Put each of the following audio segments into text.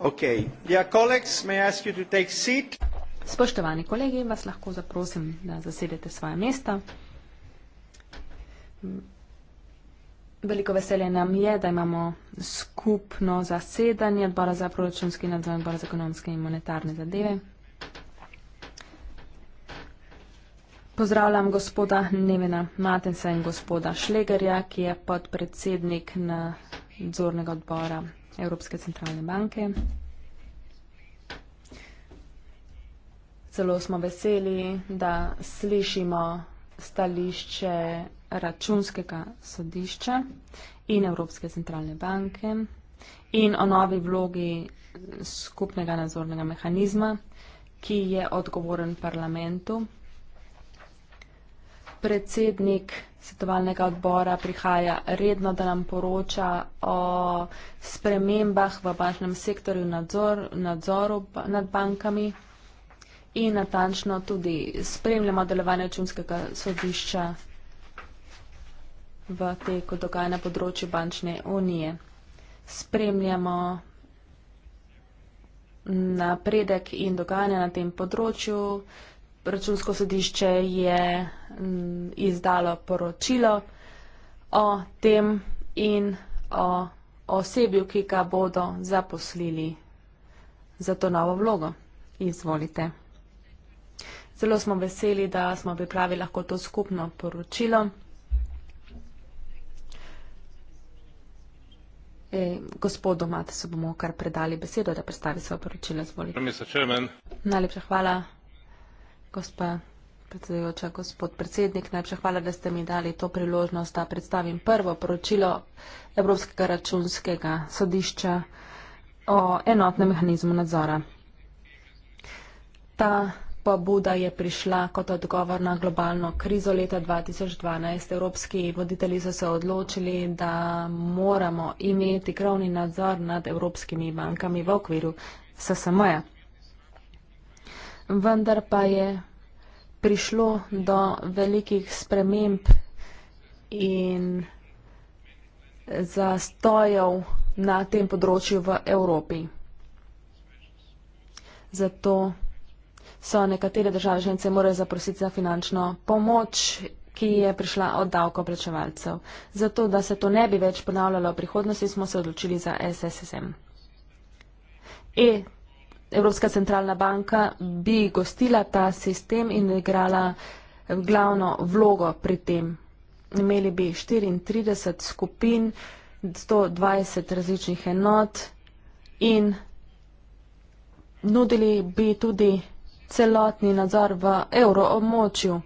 Okay. Dear colleagues, may I ask you to take seat? Spoštovani kolegi, vas lahko zaprosim, da zasedete svoje mesta. Veliko veselje nam je, da imamo skupno zasedanje odbora za proračunski nadzor in odbora za ekonomske in monetarne zadeve. Mm -hmm. Pozdravljam gospoda Nevena Matensa in gospoda Šlegerja, ki je podpredsednik nadzornega odbora Evropske centralne banke. Zelo smo veseli, da slišimo stališče računskega sodišča in Evropske centralne banke in o novi vlogi skupnega nadzornega mehanizma, ki je odgovoren parlamentu predsednik svetovalnega odbora prihaja redno, da nam poroča o spremembah v bančnem sektorju nadzor, nadzoru nad bankami in natančno tudi spremljamo delovanje očunskega sodišča v teku dogaja na področju bančne unije. Spremljamo napredek in dogajanje na tem področju. Računsko sodišče je mm, izdalo poročilo o tem in o osebju, ki ga bodo zaposlili za to novo vlogo. Izvolite. Zelo smo veseli, da smo pripravili lahko to skupno poročilo. E, gospodu Mate se bomo kar predali besedo, da predstavi svoje poročilo. Najlepša hvala. Gospa predsedujoča, gospod predsednik, najprej hvala, da ste mi dali to priložnost, da predstavim prvo poročilo Evropskega računskega sodišča o enotnem mehanizmu nadzora. Ta pobuda je prišla kot odgovor na globalno krizo leta 2012. Evropski voditelji so se odločili, da moramo imeti krovni nadzor nad evropskimi bankami v okviru SSM-ja vendar pa je prišlo do velikih sprememb in zastojev na tem področju v Evropi. Zato so nekatere države žence morali zaprositi za finančno pomoč, ki je prišla od davkoplačevalcev. Zato, da se to ne bi več ponavljalo v prihodnosti, smo se odločili za SSSM. E Evropska centralna banka bi gostila ta sistem in igrala eh, glavno vlogo pri tem. Imeli bi 34 skupin, 120 različnih enot in nudili bi tudi celotni nadzor v evroobmočju.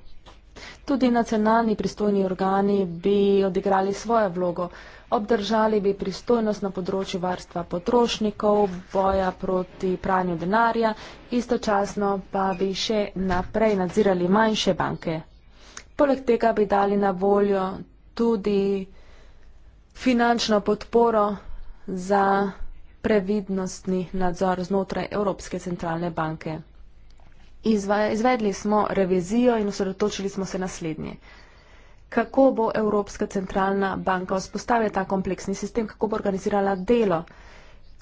Tudi nacionalni pristojni organi bi odigrali svojo vlogo obdržali bi pristojnost na področju varstva potrošnikov, boja proti pranju denarja, istočasno pa bi še naprej nadzirali manjše banke. Poleg tega bi dali na voljo tudi finančno podporo za previdnostni nadzor znotraj Evropske centralne banke. Izvedli smo revizijo in osredotočili smo se naslednje kako bo Evropska centralna banka vzpostavila ta kompleksni sistem, kako bo organizirala delo,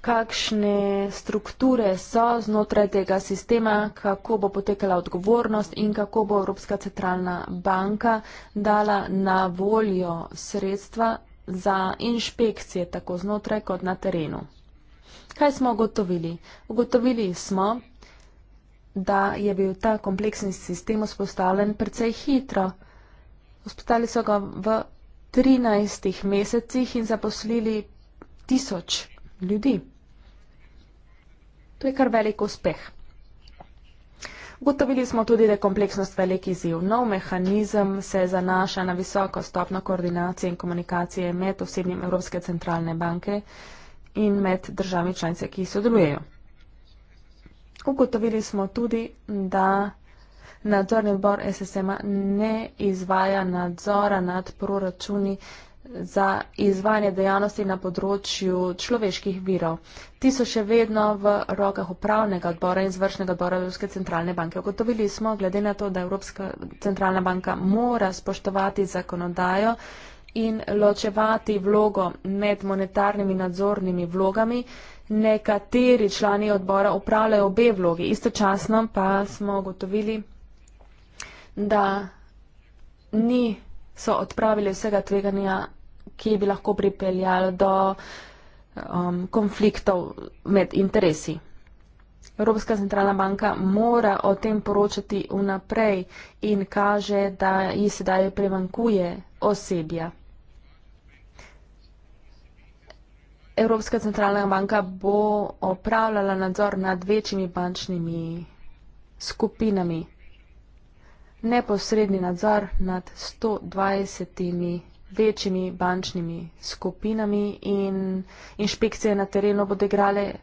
kakšne strukture so znotraj tega sistema, kako bo potekala odgovornost in kako bo Evropska centralna banka dala na voljo sredstva za inšpekcije tako znotraj kot na terenu. Kaj smo ugotovili? Ugotovili smo, da je bil ta kompleksni sistem vzpostavljen precej hitro. Hospitali so ga v 13 mesecih in zaposlili tisoč ljudi. To je kar velik uspeh. Gotovili smo tudi, da je kompleksnost velik izziv. Nov mehanizem se zanaša na visoko stopno koordinacije in komunikacije med osebnim Evropske centralne banke in med državi članice, ki sodelujejo. Ugotovili smo tudi, da nadzorni odbor SSM-a ne izvaja nadzora nad proračuni za izvajanje dejavnosti na področju človeških virov. Ti so še vedno v rokah upravnega odbora in zvršnega odbora Evropske centralne banke. Ogotovili smo, glede na to, da Evropska centralna banka mora spoštovati zakonodajo in ločevati vlogo med monetarnimi nadzornimi vlogami, nekateri člani odbora upravljajo obe vlogi. Istočasno pa smo ugotovili, da niso odpravili vsega tveganja, ki bi lahko pripeljalo do um, konfliktov med interesi. Evropska centralna banka mora o tem poročati vnaprej in kaže, da ji sedaj premankuje osebja. Evropska centralna banka bo opravljala nadzor nad večjimi bančnimi skupinami neposredni nadzor nad 120 večjimi bančnimi skupinami in inšpekcije na terenu bodo igrale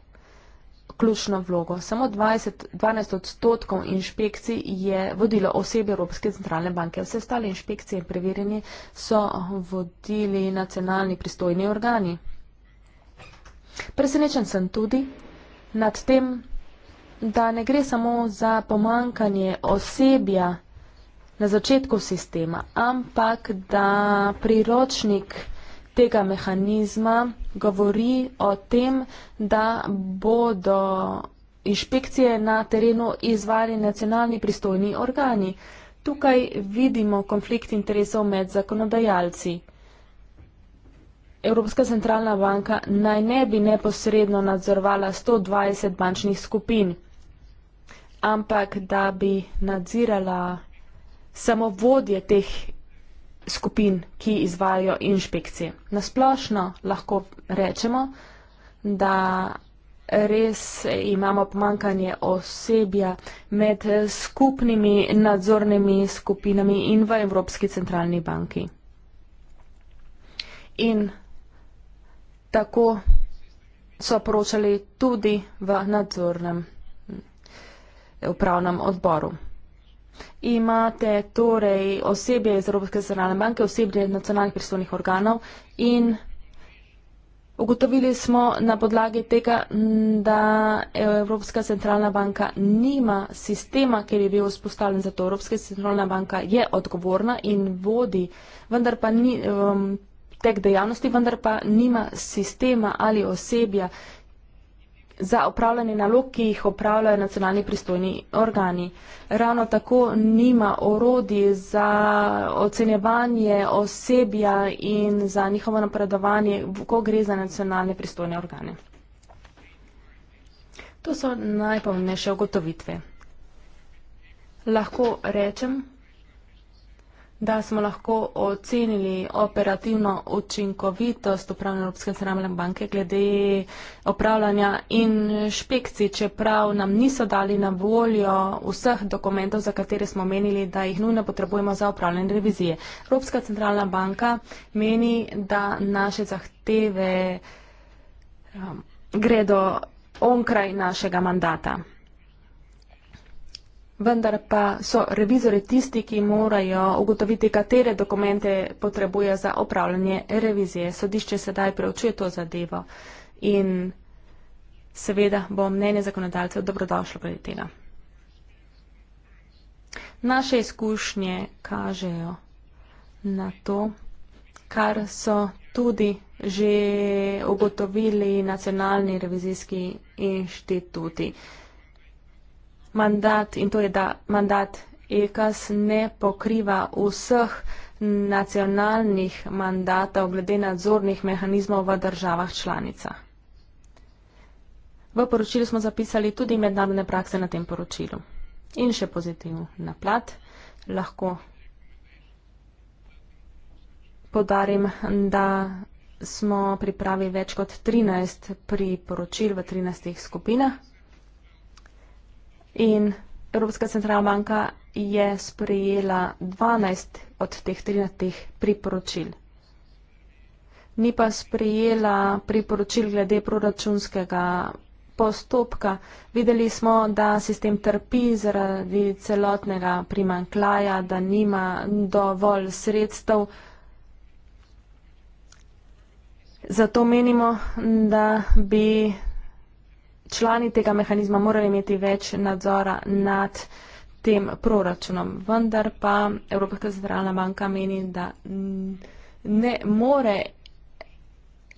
ključno vlogo. Samo 20, 12 odstotkov inšpekcij je vodilo osebe Evropske centralne banke. Vse ostale inšpekcije in preverjanje so vodili nacionalni pristojni organi. Presenečen sem tudi nad tem, da ne gre samo za pomankanje osebja na začetku sistema, ampak da priročnik tega mehanizma govori o tem, da bodo inšpekcije na terenu izvali nacionalni pristojni organi. Tukaj vidimo konflikt interesov med zakonodajalci. Evropska centralna banka naj ne bi neposredno nadzorovala 120 bančnih skupin, ampak da bi nadzirala samo vodje teh skupin, ki izvajajo inšpekcije. Nasplošno lahko rečemo, da res imamo pomankanje osebja med skupnimi nadzornimi skupinami in v Evropski centralni banki. In tako so poročali tudi v nadzornem upravnem odboru imate torej osebje iz Evropske centralne banke, osebje nacionalnih pristojnih organov in ugotovili smo na podlagi tega, da Evropska centralna banka nima sistema, ki bi bil vzpostavljen za to. Evropska centralna banka je odgovorna in vodi, vendar pa ni. Um, tek dejavnosti, vendar pa nima sistema ali osebja, za opravljanje nalog, ki jih opravljajo nacionalni pristojni organi. Ravno tako nima orodi za ocenjevanje osebja in za njihovo napredovanje, ko gre za nacionalne pristojne organe. To so najpomembnejše ugotovitve. Lahko rečem, da smo lahko ocenili operativno učinkovitost upravljanja Evropske centralne banke glede upravljanja inšpekcij, čeprav nam niso dali na voljo vseh dokumentov, za katere smo menili, da jih nujno potrebujemo za upravljanje revizije. Evropska centralna banka meni, da naše zahteve um, gredo onkraj našega mandata vendar pa so revizori tisti, ki morajo ugotoviti, katere dokumente potrebuje za opravljanje revizije. Sodišče sedaj preučuje to zadevo in seveda bo mnenje zakonodalcev dobrodošlo glede tega. Naše izkušnje kažejo na to, kar so tudi že ugotovili nacionalni revizijski inštituti mandat in to je, da mandat EKAS ne pokriva vseh nacionalnih mandatov glede nadzornih mehanizmov v državah članica. V poročilu smo zapisali tudi mednarodne prakse na tem poročilu. In še pozitiv na plat, lahko podarim, da smo pripravili več kot 13 priporočil v 13 skupinah. In Evropska centralna banka je sprejela 12 od teh 13 priporočil. Ni pa sprejela priporočil glede proračunskega postopka. Videli smo, da sistem trpi zaradi celotnega primankljaja, da nima dovolj sredstev. Zato menimo, da bi člani tega mehanizma morali imeti več nadzora nad tem proračunom. Vendar pa Evropska centralna banka meni, da ne more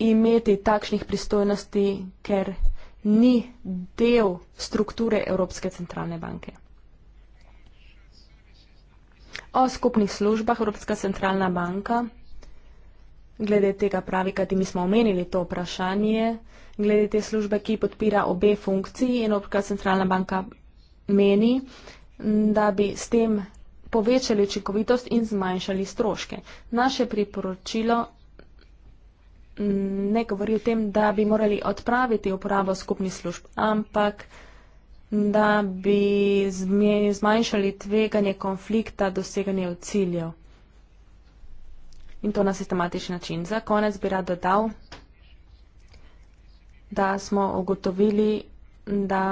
imeti takšnih pristojnosti, ker ni del strukture Evropske centralne banke. O skupnih službah Evropska centralna banka glede tega pravi, kajti mi smo omenili to vprašanje, glede te službe, ki podpira obe funkciji in ob kar centralna banka meni, da bi s tem povečali učinkovitost in zmanjšali stroške. Naše priporočilo ne govori o tem, da bi morali odpraviti uporabo skupnih služb, ampak da bi zmanjšali tveganje konflikta doseganja ciljev in to na sistematičen način. Za konec bi rad dodal, da smo ugotovili, da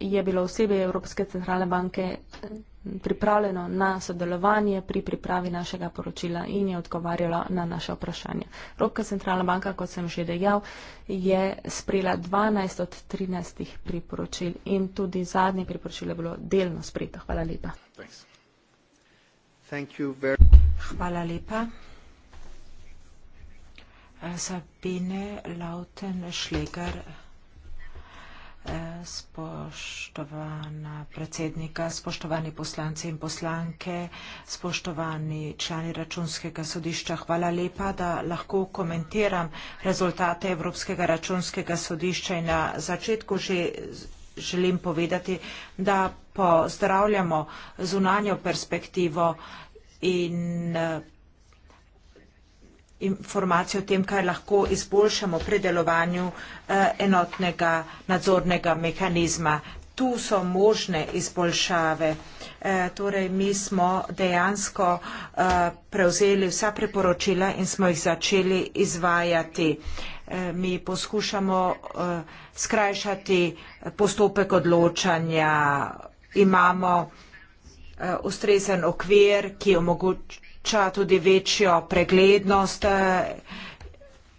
je bilo osebe Evropske centralne banke pripravljeno na sodelovanje pri pripravi našega poročila in je odgovarjala na naše vprašanje. Evropska centralna banka, kot sem že dejal, je sprejela 12 od 13 priporočil in tudi zadnje priporočilo je bilo delno sprejeto. Hvala lepa. Thank you very... Hvala lepa. Sabine Lauten-Schleger, eh, spoštovana predsednika, spoštovani poslanci in poslanke, spoštovani člani računskega sodišča, hvala lepa, da lahko komentiram rezultate Evropskega računskega sodišča in na začetku že želim povedati, da pozdravljamo zunanjo perspektivo in pozdravljamo eh, informacije o tem, kaj lahko izboljšamo pri delovanju eh, enotnega nadzornega mehanizma. Tu so možne izboljšave. E, torej, mi smo dejansko e, prevzeli vsa priporočila in smo jih začeli izvajati. E, mi poskušamo e, skrajšati postopek odločanja. Imamo e, ustrezen okvir, ki omogoča omogoča tudi večjo preglednost. Eh,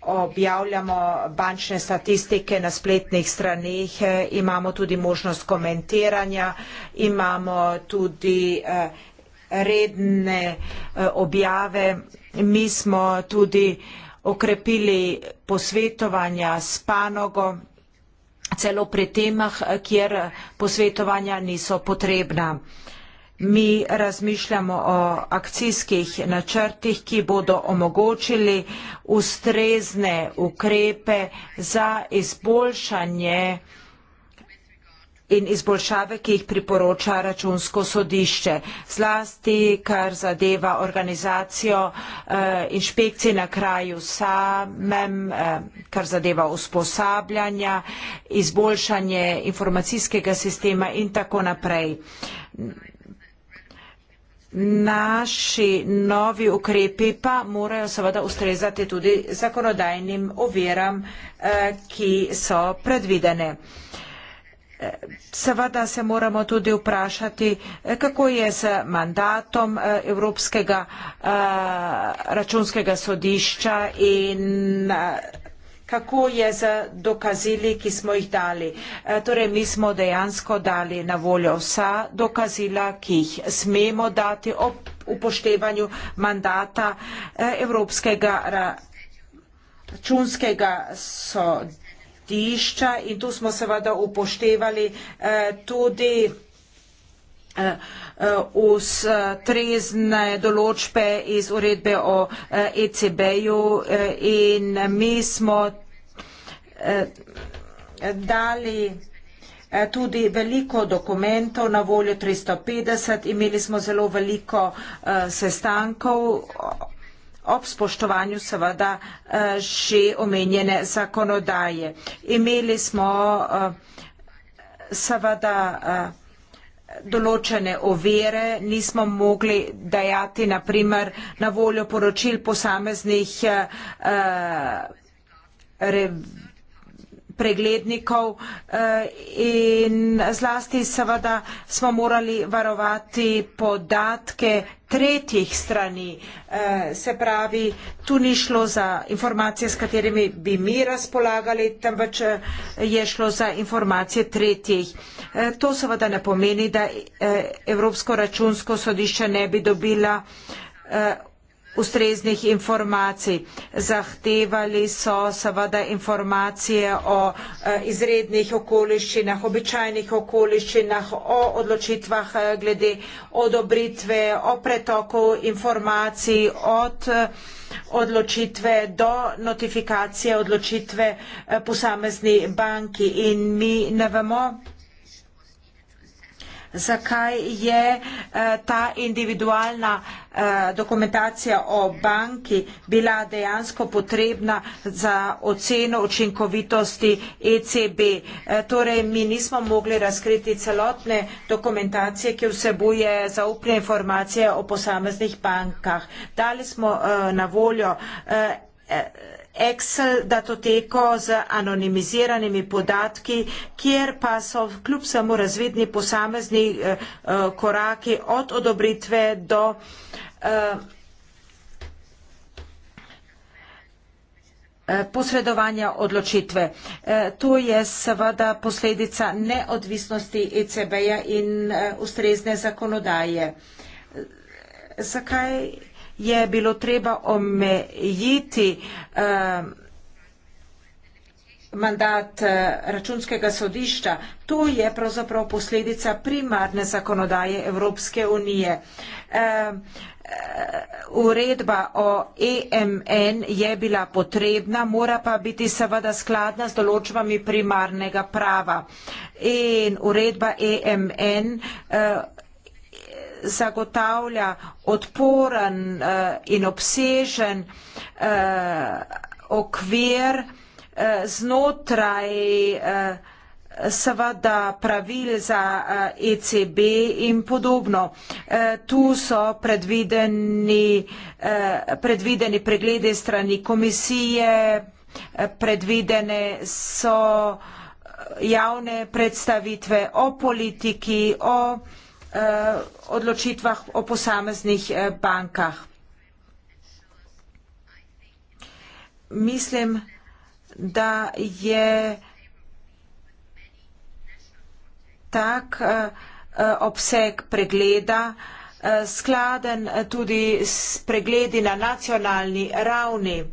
objavljamo bančne statistike na spletnih stranih, eh, imamo tudi možnost komentiranja, imamo tudi eh, redne objave. Mi smo tudi okrepili posvetovanja s panogo, celo pri temah, kjer posvetovanja niso potrebna. Mi razmišljamo o akcijskih načrtih, ki bodo omogočili ustrezne ukrepe za izboljšanje in izboljšave, ki jih priporoča računsko sodišče. Zlasti, kar zadeva organizacijo eh, inšpekcij na kraju samem, eh, kar zadeva usposabljanja, izboljšanje informacijskega sistema in tako naprej. Naši novi ukrepi pa morajo seveda ustrezati tudi zakonodajnim oviram, eh, ki so predvidene. Eh, seveda se moramo tudi vprašati, eh, kako je z mandatom Evropskega računskega sodišča in kako je z dokazili, ki smo jih dali. E, torej, mi smo dejansko dali na voljo vsa dokazila, ki jih smemo dati ob upoštevanju mandata e, Evropskega računskega sodišča in tu smo seveda upoštevali e, tudi Eh, eh, uz trezne določbe iz uredbe o ECB-ju eh, e in mi smo dali tudi veliko dokumentov na voljo 350, imeli smo zelo veliko sestankov ob spoštovanju seveda že omenjene zakonodaje. Imeli smo seveda določene ovire, nismo mogli dajati naprimer na voljo poročil posameznih uh, eh, revizij eh, preglednikov eh, in zlasti seveda smo morali varovati podatke tretjih strani. Eh, se pravi, tu ni šlo za informacije, s katerimi bi mi razpolagali, temveč eh, je šlo za informacije tretjih. To seveda ne pomeni, da Evropsko računsko sodišče ne bi dobila ustreznih informacij. Zahtevali so seveda informacije o eh, izrednih okoliščinah, običajnih okoliščinah, o odločitvah eh, glede odobritve, o pretoku informacij od eh, odločitve do notifikacije odločitve posamezni banki in mi ne vemo, zakaj je eh, ta individualna eh, dokumentacija o banki bila dejansko potrebna za oceno učinkovitosti ECB. Eh, torej, mi nismo mogli razkriti celotne dokumentacije, ki vsebuje zaupne informacije o posameznih bankah. Dali smo na voljo Excel datoteko z anonimiziranimi podatki, kjer pa so kljub samo razvidni posamezni eh, eh koraki od odobritve do eh, eh, posredovanja odločitve. To je seveda posledica neodvisnosti ECB-ja in ustrezne zakonodaje. Zakaj? je bilo treba omejiti eh, mandat eh, računskega sodišča. To je pravzaprav posledica primarne zakonodaje Evropske unije. Eh, uredba o EMN je bila potrebna, mora pa biti seveda skladna z določbami primarnega prava. In uredba EMN uh, zagotavlja odporen eh, in obsežen eh, okvir eh, znotraj seveda pravil za ECB e in podobno. Tu so predvideni, predvideni preglede strani komisije, predvidene so javne predstavitve o politiki, o Eh, odločitvah o posameznih eh, bankah. Mislim, da je tak eh, obseg pregleda skladen tudi s pregledi na nacionalni ravni.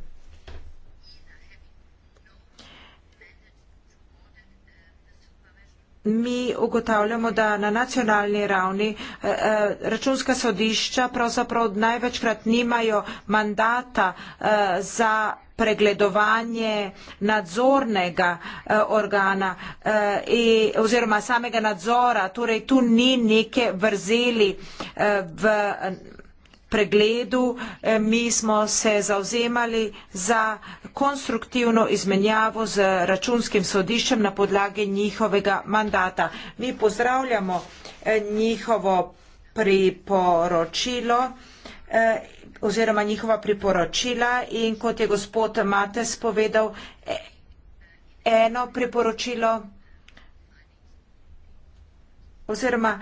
mi ugotavljamo, da na nacionalni ravni eh, eh, računska sodišča pravzaprav največkrat nimajo mandata eh, za pregledovanje nadzornega organa oziroma samega nadzora. Torej, tu ni neke vrzeli v pregledu eh, mi smo se zauzemali za konstruktivno izmenjavo z računskim sodiščem na podlagi njihovega mandata. Mi pozdravljamo eh, njihovo priporočilo eh, oziroma njihova priporočila in kot je gospod Mates povedal, e, eno priporočilo oziroma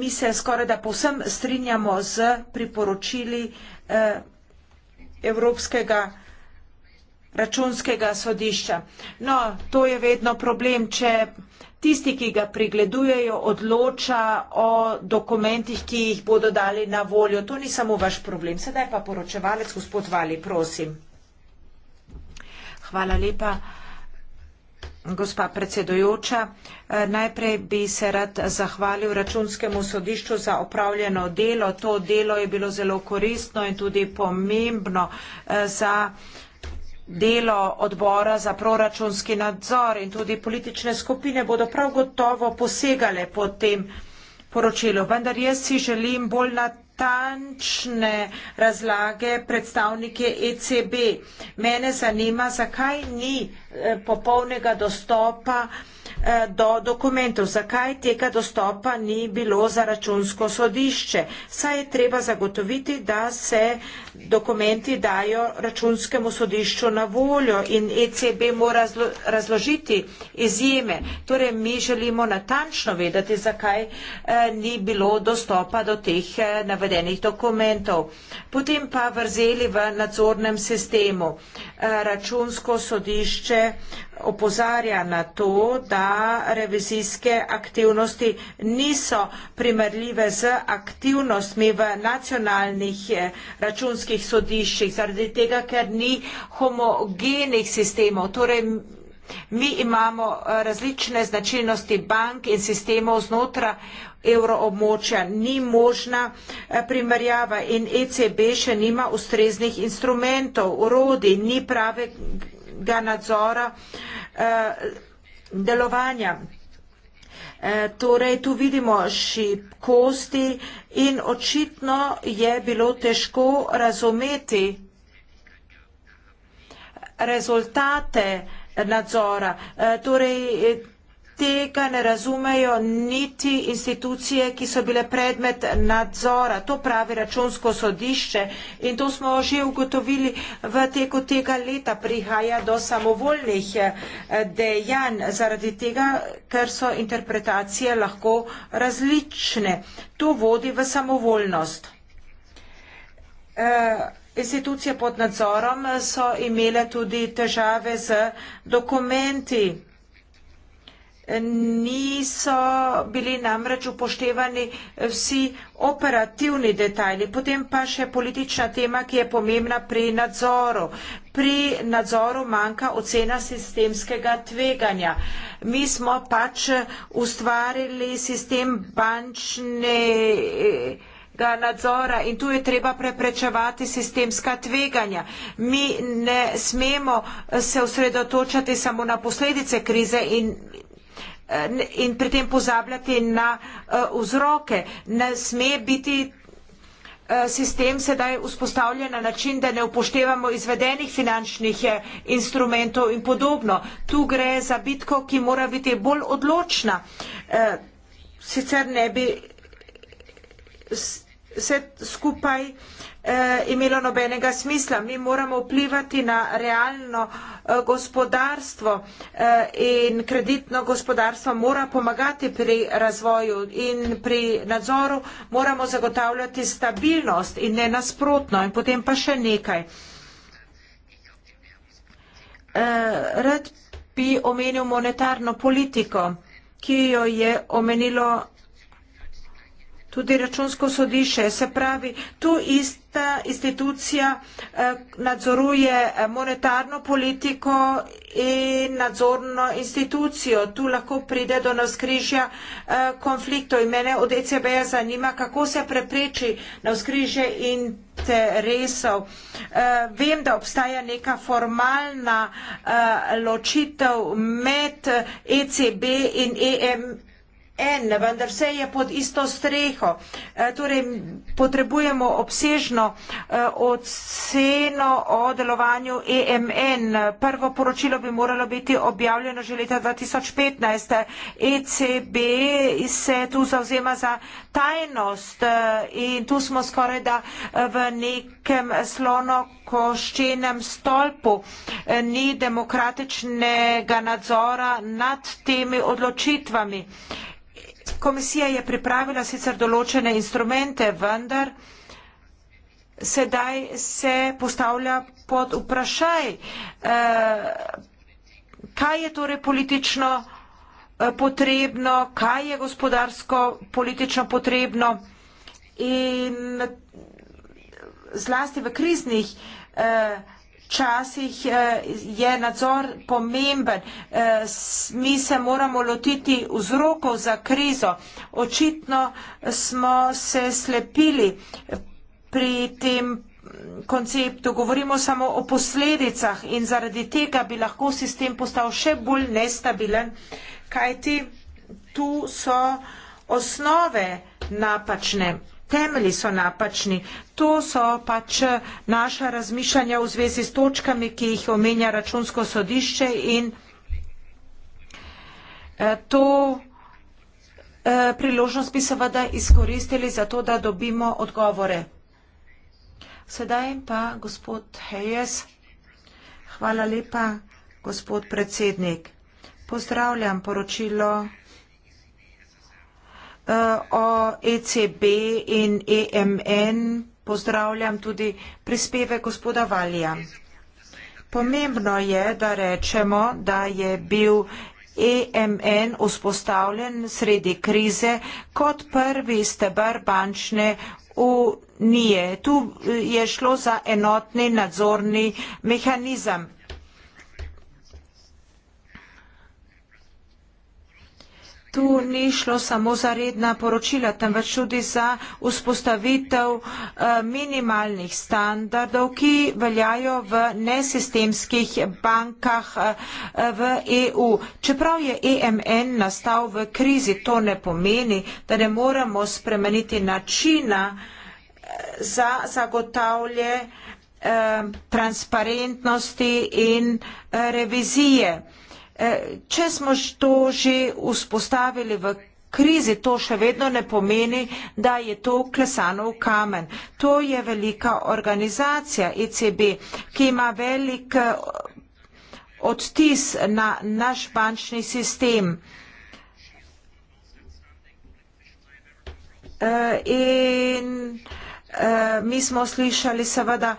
mi se skoraj da povsem strinjamo z priporočili eh, Evropskega računskega sodišča. No, to je vedno problem, če tisti, ki ga pregledujejo, odloča o dokumentih, ki jih bodo dali na voljo. To ni samo vaš problem. Sedaj pa poročevalec, gospod Vali, prosim. Hvala lepa. Gospa predsedujoča, eh, najprej bi se rad zahvalil računskemu sodišču za opravljeno delo. To delo je bilo zelo koristno in tudi pomembno eh, za delo odbora za proračunski nadzor in tudi politične skupine bodo prav gotovo posegale po tem poročilu. Vendar jaz si želim bolj natančno natančne razlage predstavnike ECB. Mene zanima, zakaj ni eh, popolnega dostopa Eh, do dokumentov, zakaj tega dostopa ni bilo za računsko sodišče. Saj je treba zagotoviti, da se dokumenti dajo računskemu sodišču na voljo in ECB mora razložiti izjeme. Torej, mi želimo natančno vedeti, zakaj eh, ni bilo dostopa do teh eh, navedenih dokumentov. Potem pa vrzeli v nadzornem sistemu. Računsko sodišče opozarja na to, da revizijske aktivnosti niso primerljive z aktivnostmi v nacionalnih eh, računskih sodiščih, zaradi tega, ker ni homogenih sistemov. Torej, mi imamo eh, različne značilnosti bank in sistemov znotraj evroobmočja. Ni možna eh, primerjava in ECB še nima ustreznih instrumentov, urodi, ni pravega nadzora delovanja. E, torej, tu vidimo šibkosti in očitno je bilo težko razumeti rezultate nadzora. E, torej, tega ne razumejo niti institucije, ki so bile predmet nadzora. To pravi računsko sodišče in to smo že ugotovili v teku tega leta. Prihaja do samovoljnih eh, dejanj zaradi tega, ker so interpretacije lahko različne. To vodi v samovoljnost. E, institucije pod nadzorom so imele tudi težave z dokumenti niso bili namreč upoštevani vsi operativni detajli. Potem pa še politična tema, ki je pomembna pri nadzoru. Pri nadzoru manjka ocena sistemskega tveganja. Mi smo pač ustvarili sistem bančne nadzora in tu je treba preprečevati sistemska tveganja. Mi ne smemo se osredotočati samo na posledice krize in in pri tem pozabljati na eh, vzroke. Ne sme biti eh, sistem sedaj vzpostavljen na način, da ne upoštevamo izvedenih finančnih eh, instrumentov in podobno. Tu gre za bitko, ki mora biti bolj odločna. Sicer ne bi vse skupaj eh, imelo nobenega smisla. Mi moramo vplivati na realno eh, gospodarstvo eh, in kreditno gospodarstvo mora pomagati pri razvoju in pri nadzoru moramo zagotavljati stabilnost in ne nasprotno. In potem pa še nekaj. Eh, rad bi omenil monetarno politiko, ki jo je omenilo tudi računsko sodišče. Se pravi, tu ista institucija eh, nadzoruje eh, monetarno politiko in nadzorno institucijo. Tu lahko pride do navskrižja eh, konfliktov in mene od ECB-ja zanima, kako se prepreči navskrižje in interesov. Vem, da obstaja neka formalna ločitev med ECB e in EMA en, vendar vse je pod isto streho. E, torej, potrebujemo obsežno e, oceno o delovanju EMN. Prvo poročilo bi moralo biti objavljeno že leta 2015. ECB se tu zauzema za tajnost e, in tu smo skoraj da v nekem slono koščenem stolpu. Ni demokratičnega nadzora nad temi odločitvami. Komisija je pripravila sicer določene instrumente, vendar sedaj se postavlja pod vprašaj, eh, kaj je torej politično eh, potrebno, kaj je gospodarsko politično potrebno in zlasti v kriznih eh, včasih eh, je nadzor pomemben. Eh, mi se moramo lotiti vzrokov za krizo. Očitno smo se slepili pri tem konceptu. Govorimo samo o posledicah in zaradi tega bi lahko sistem postal še bolj nestabilen, kajti tu so osnove napačne temelji so napačni. To so pač naša razmišljanja v zvezi s točkami, ki jih omenja računsko sodišče in eh, to eh, priložnost bi seveda izkoristili za to, da dobimo odgovore. Sedaj pa gospod Hejes. Hvala lepa, gospod predsednik. Pozdravljam poročilo o ECB in EMN pozdravljam tudi prispeve gospoda Valija. Pomembno je, da rečemo, da je bil EMN vzpostavljen sredi krize kot prvi stebr bančne unije. Tu je šlo za enotni nadzorni mehanizem. tu ni šlo samo za redna poročila, temveč tudi za vzpostavitev eh, minimalnih standardov, ki veljajo v nesistemskih bankah eh, v EU. Čeprav je EMN nastal v krizi, to ne pomeni, da ne moremo spremeniti načina eh, za zagotavlje transparentnosti in revizije. Eh, če smo to že vzpostavili v krizi, to še vedno ne pomeni, da je to klesano v kamen. To je velika organizacija ECB, ki ima velik eh, odtis na naš bančni sistem. Eh, in mi smo slišali seveda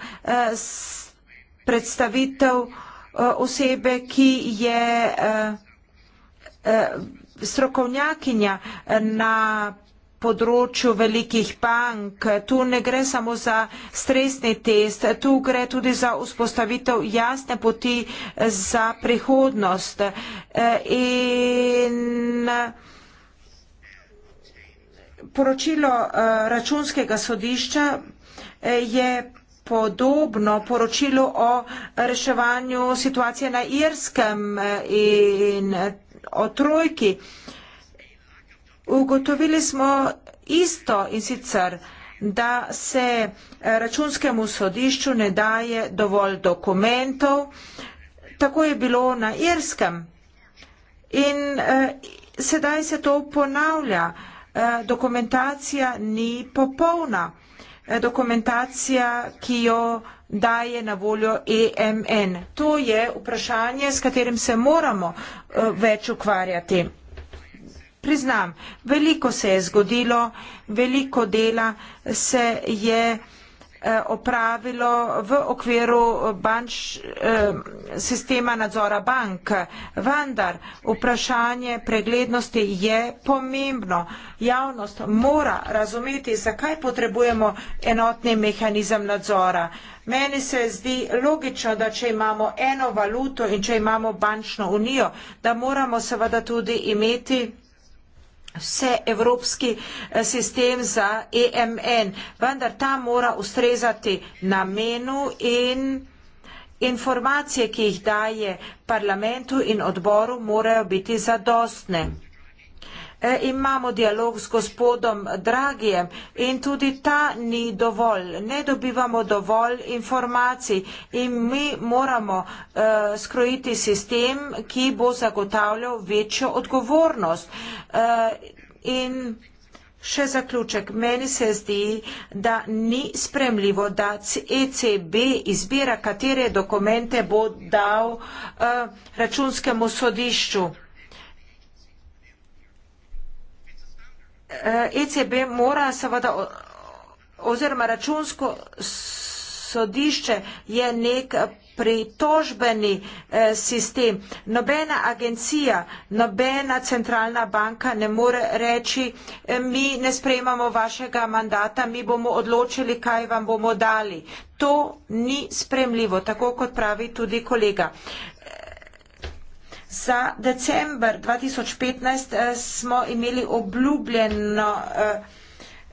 predstavitev Eh, osebe, ki je eh, eh, strokovnjakinja na področju velikih bank. Tu ne gre samo za stresni test, tu gre tudi za vzpostavitev jasne poti za prihodnost. In poročilo računskega sodišča je podobno poročilo o reševanju situacije na Irskem eh, in eh, o trojki. Ugotovili smo isto in sicer, da se eh, računskemu sodišču ne daje dovolj dokumentov. Tako je bilo na Irskem. In eh, sedaj se to ponavlja. Eh, dokumentacija ni popolna dokumentacija, ki jo daje na voljo EMN. To je vprašanje, s katerim se moramo eh, več ukvarjati. Priznam, veliko se je zgodilo, veliko dela se je Eh, opravilo v okviru banč, eh, sistema nadzora bank. Vendar vprašanje preglednosti je pomembno. Javnost mora razumeti, zakaj potrebujemo enotni mehanizem nadzora. Meni se zdi logično, da če imamo eno valuto in če imamo bančno unijo, da moramo seveda tudi imeti vse evropski eh, sistem za EMN, vendar ta mora ustrezati namenu in informacije, ki jih daje parlamentu in odboru, morajo biti zadostne. E, imamo dialog s gospodom Dragijem in tudi ta ni dovolj. Ne dobivamo dovolj informacij in mi moramo uh, skrojiti sistem, ki bo zagotavljal večjo odgovornost. Uh, in Še zaključek. Meni se zdi, da ni spremljivo, da ECB izbira, katere dokumente bo dal uh, računskemu sodišču. ECB eh, e mora seveda oziroma računsko sodišče je nek pritožbeni eh, sistem. Nobena agencija, nobena centralna banka ne more reči, eh, mi ne sprejemamo vašega mandata, mi bomo odločili, kaj vam bomo dali. To ni spremljivo, tako kot pravi tudi kolega. Za decembr 2015 eh, smo imeli obljubljeno eh,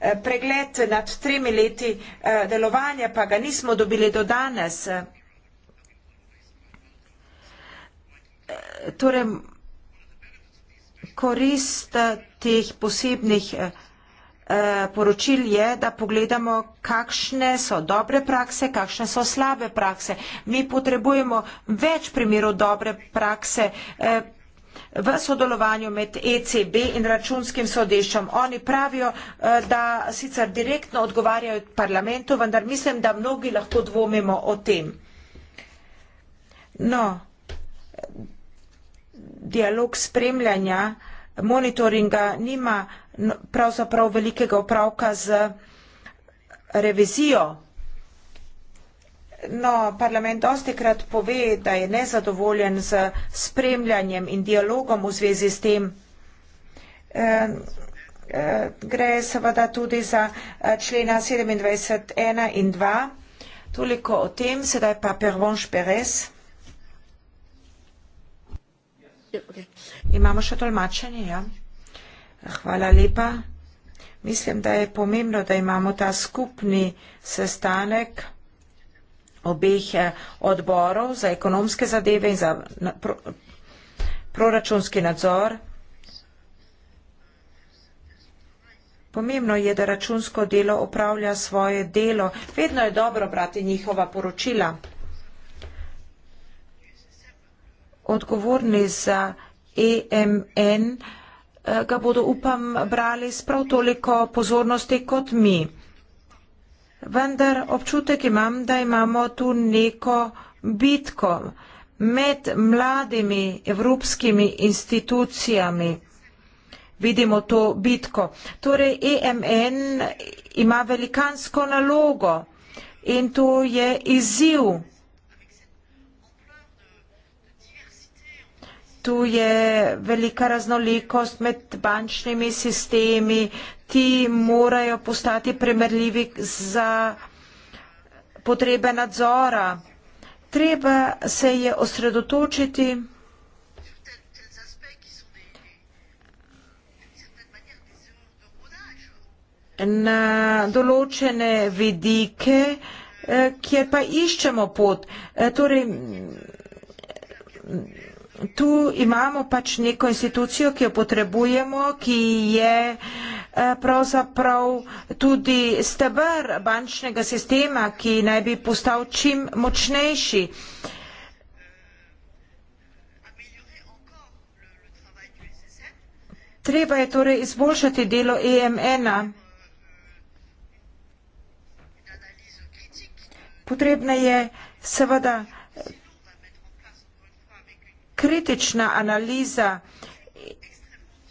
eh, pregled nad tremi leti delovanja, pa ga nismo dobili do danes. Torej, korist teh posebnih Eh, poročil je, da pogledamo, kakšne so dobre prakse, kakšne so slabe prakse. Mi potrebujemo več primerov dobre prakse eh, v sodelovanju med ECB in računskim sodeščom. Oni pravijo, eh, da sicer direktno odgovarjajo parlamentu, vendar mislim, da mnogi lahko dvomimo o tem. No, dialog spremljanja, monitoringa nima uh, pravzaprav velikega opravka z revizijo. No, parlament dostikrat pove, da je nezadovoljen z spremljanjem in dialogom v zvezi s tem. E, gre seveda tudi za eh, člena 27.1 in 2. Toliko o tem, sedaj pa Pervonš Perez. Ja, Imamo še tolmačenje, ja? Hvala lepa. Mislim, da je pomembno, da imamo ta skupni sestanek obeh eh, odborov za ekonomske zadeve in za proračunski nadzor. Pomembno je, da računsko delo opravlja svoje delo. Vedno je dobro brati njihova poročila. Odgovorni za EMN. Eh, ga bodo, upam, brali s prav toliko pozornosti kot mi. Vendar občutek imam, da imamo tu neko bitko med mladimi evropskimi institucijami. Vidimo to bitko. Torej, EMN ima velikansko nalogo in to je izziv. tu je velika raznolikost med bančnimi sistemi, ti morajo postati primerljivi za potrebe nadzora. Treba se je osredotočiti na določene vidike, eh, kjer pa iščemo pot. Eh, torej, tu imamo pač neko institucijo, ki jo potrebujemo, ki je eh, pravzaprav tudi stebr bančnega sistema, ki naj bi postal čim močnejši. Treba je torej izboljšati delo EMN-a. Potrebna je seveda kritična analiza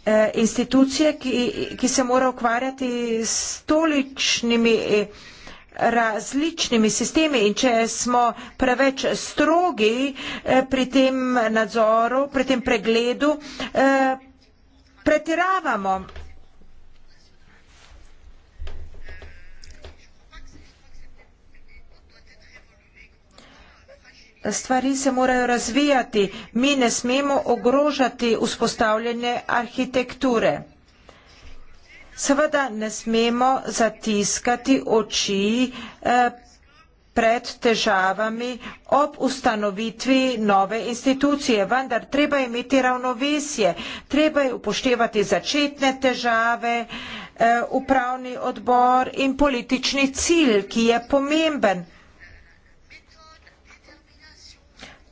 eh, institucije, ki, ki se mora ukvarjati s toličnimi eh, različnimi sistemi in če smo preveč strogi eh, pri tem nadzoru, pri tem pregledu, pretiravamo stvari se morajo razvijati, mi ne smemo ogrožati vzpostavljene arhitekture. Seveda ne smemo zatiskati oči eh, pred težavami ob ustanovitvi nove institucije, vendar treba imeti ravnovesje, treba je upoštevati začetne težave, eh, upravni odbor in politični cilj, ki je pomemben.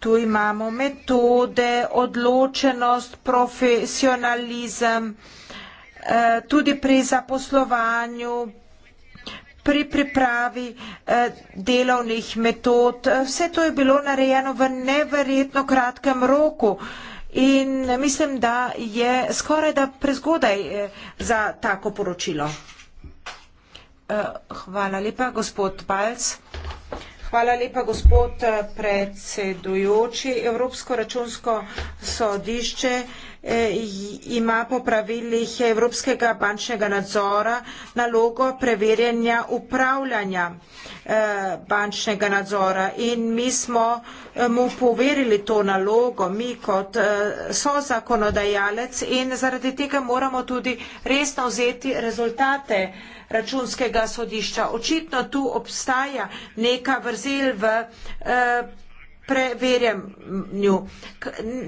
Tu imamo metode, odločenost, profesionalizem, eh, tudi pri zaposlovanju, pri pripravi eh, delovnih metod. Vse to je bilo narejeno v neverjetno kratkem roku. In mislim, da je skoraj da prezgodaj eh, za tako poročilo. Hvala lepa, gospod Balc. Hvala lepa, gospod eh, predsedujoči. Evropsko računsko sodišče eh, Eh, ima po pravilih Evropskega bančnega nadzora nalogo preverjanja upravljanja eh, bančnega nadzora in mi smo eh, mu poverili to nalogo, mi kot so zakonodajalec in zaradi tega moramo tudi resno vzeti rezultate računskega sodišča. Očitno tu obstaja neka vrzel v preverjanju.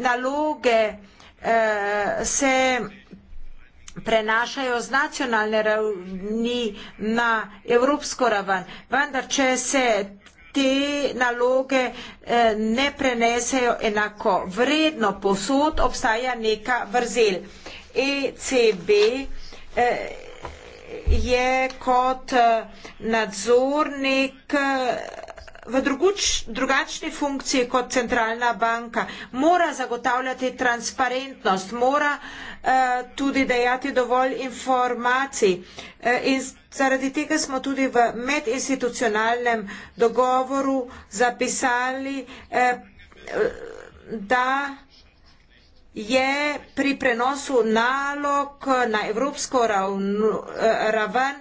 Naloge Eh, se prenašajo z nacionalne ravni na evropsko raven. Vendar, če se te naloge eh, ne prenesejo enako vredno posod, obstaja neka vrzel. ECB eh, je kot nadzornik v drugoč, drugačni funkciji kot centralna banka, mora zagotavljati transparentnost, mora eh, tudi dejati dovolj informacij. Eh, in zaradi tega smo tudi v medinstitucionalnem dogovoru zapisali, eh, da je pri prenosu nalog na evropsko raven, eh, raven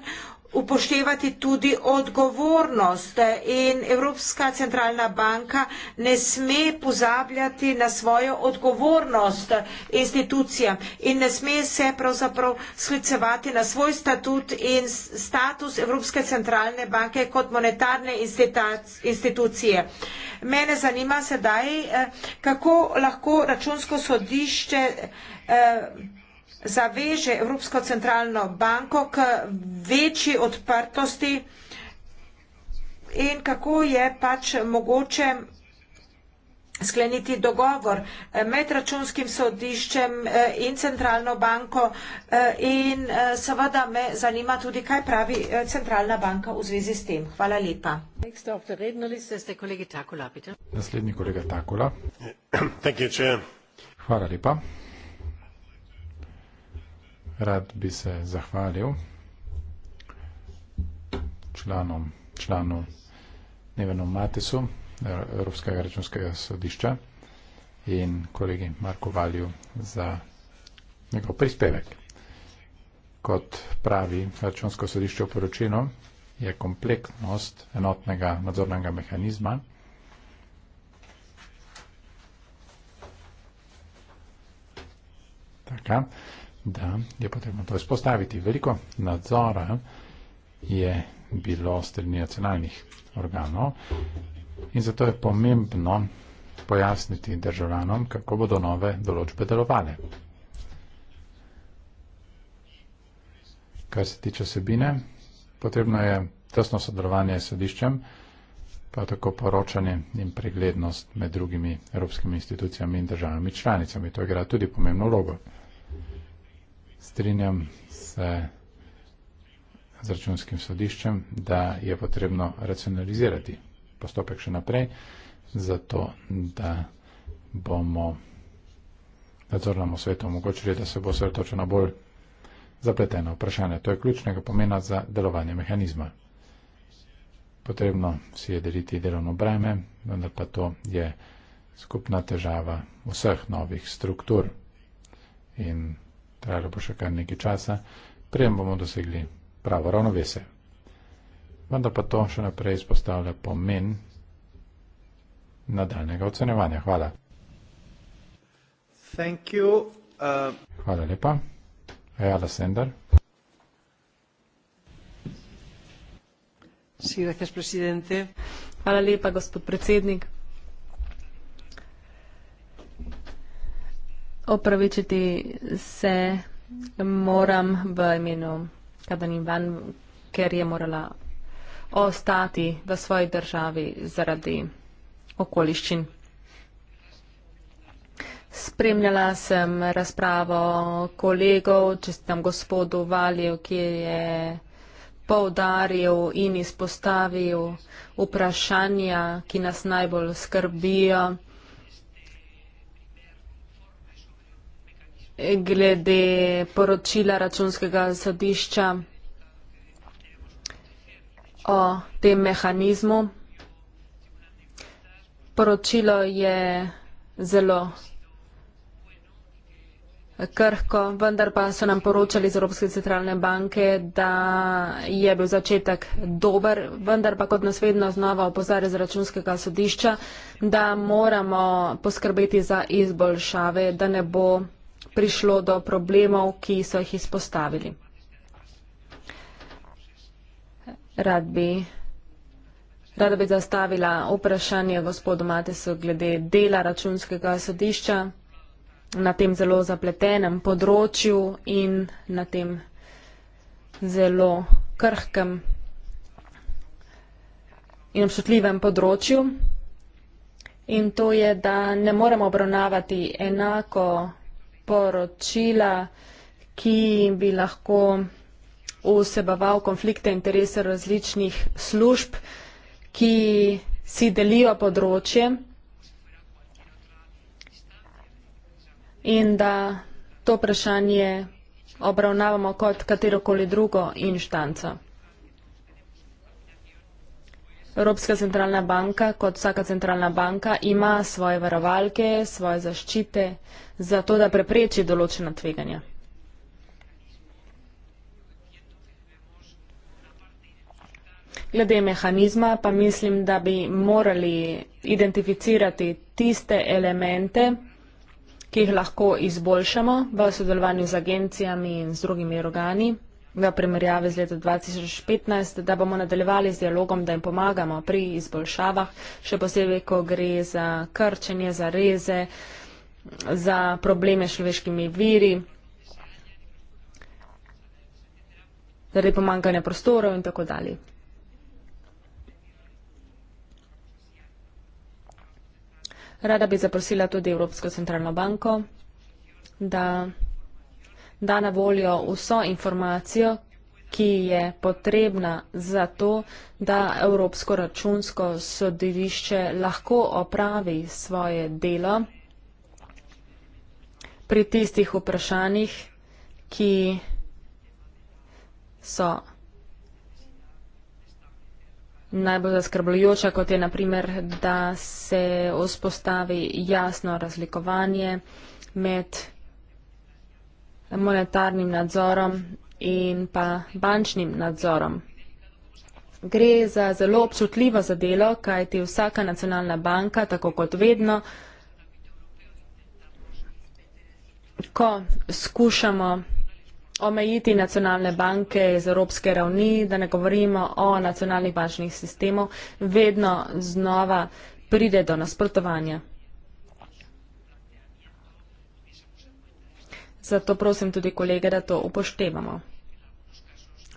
upoštevati tudi odgovornost in Evropska centralna banka ne sme pozabljati na svojo odgovornost institucijam in ne sme se pravzaprav sklicevati na svoj statut in status Evropske centralne banke kot monetarne institucije. Mene zanima sedaj, eh, kako lahko računsko sodišče eh, zaveže Evropsko centralno banko k večji odprtosti in kako je pač mogoče skleniti dogovor eh, med računskim sodiščem eh, in centralno banko eh, in seveda me zanima tudi, kaj pravi centralna banka v zvezi s tem. Hvala lepa. Naslednji kolega Takula. Hvala lepa rad bi se zahvalil članom, članu Nevenom Matesu Evropskega računskega sodišča in kolegi Marko Valju za njegov prispevek. Kot pravi računsko sodišče v poročino, je kompleksnost enotnega nadzornega mehanizma taka, da je potrebno to izpostaviti. Veliko nadzora je bilo strani nacionalnih organov in zato je pomembno pojasniti državljanom, kako bodo nove določbe delovale. Kar se tiče sebine, potrebno je tesno sodelovanje s sodiščem, pa tako poročanje in preglednost med drugimi evropskimi institucijami in državami članicami. To igra tudi pomembno vlogo strinjam se z računskim sodiščem, da je potrebno racionalizirati postopek še naprej, zato da bomo nadzornemu svetu omogočili, da se bo sredotočeno bolj zapleteno vprašanje. To je ključnega pomena za delovanje mehanizma. Potrebno si je deliti delovno breme, vendar pa to je skupna težava vseh novih struktur. In trajalo bo še kar nekaj časa, prijem bomo dosegli pravo ravnovese. Vendar pa to še naprej izpostavlja pomen nadaljnega ocenjevanja. Hvala. Thank you. Uh... Hvala lepa. Ejala Sender. Sí, gracias, presidente. Hvala lepa, gospod predsednik. opravičiti se moram v imenu Kadanivan, ker je morala ostati v svoji državi zaradi okoliščin. Spremljala sem razpravo kolegov, če ste tam gospodu Valjev, ki je poudaril in izpostavil vprašanja, ki nas najbolj skrbijo. glede poročila računskega sodišča o tem mehanizmu. Poročilo je zelo krhko, vendar pa so nam poročali iz Evropske centralne banke, da je bil začetek dober, vendar pa kot nas vedno znova opozarja z računskega sodišča, da moramo poskrbeti za izboljšave, da ne bo prišlo do problemov, ki so jih izpostavili. Rad bi, rada bi zastavila vprašanje gospodu Matesu glede dela računskega sodišča na tem zelo zapletenem področju in na tem zelo krhkem in občutljivem področju. In to je, da ne moremo obravnavati enako poročila, ki bi lahko vseboval konflikte interese različnih služb, ki si delijo področje in da to vprašanje obravnavamo kot katerokoli drugo inštanco. Evropska centralna banka, kot vsaka centralna banka, ima svoje varovalke, svoje zaščite, zato da prepreči določena tveganja. Glede mehanizma pa mislim, da bi morali identificirati tiste elemente, ki jih lahko izboljšamo v sodelovanju z agencijami in z drugimi organi v primerjavi z leto 2015, da bomo nadaljevali z dialogom, da jim pomagamo pri izboljšavah, še posebej, ko gre za krčenje, za reze, za probleme s človeškimi viri, zaradi pomankanja prostorov in tako dalje. Rada bi zaprosila tudi Evropsko centralno banko, da da na voljo vso informacijo, ki je potrebna za to, da Evropsko računsko sodišče lahko opravi svoje delo pri tistih vprašanjih, ki so najbolj zaskrbljujoča, kot je naprimer, da se vzpostavi jasno razlikovanje med monetarnim nadzorom in pa bančnim nadzorom. Gre za zelo občutljivo zadelo, kajti vsaka nacionalna banka, tako kot vedno, ko skušamo omejiti nacionalne banke iz evropske ravni, da ne govorimo o nacionalnih bančnih sistemov, vedno znova pride do nasprotovanja. Zato prosim tudi kolege, da to upoštevamo.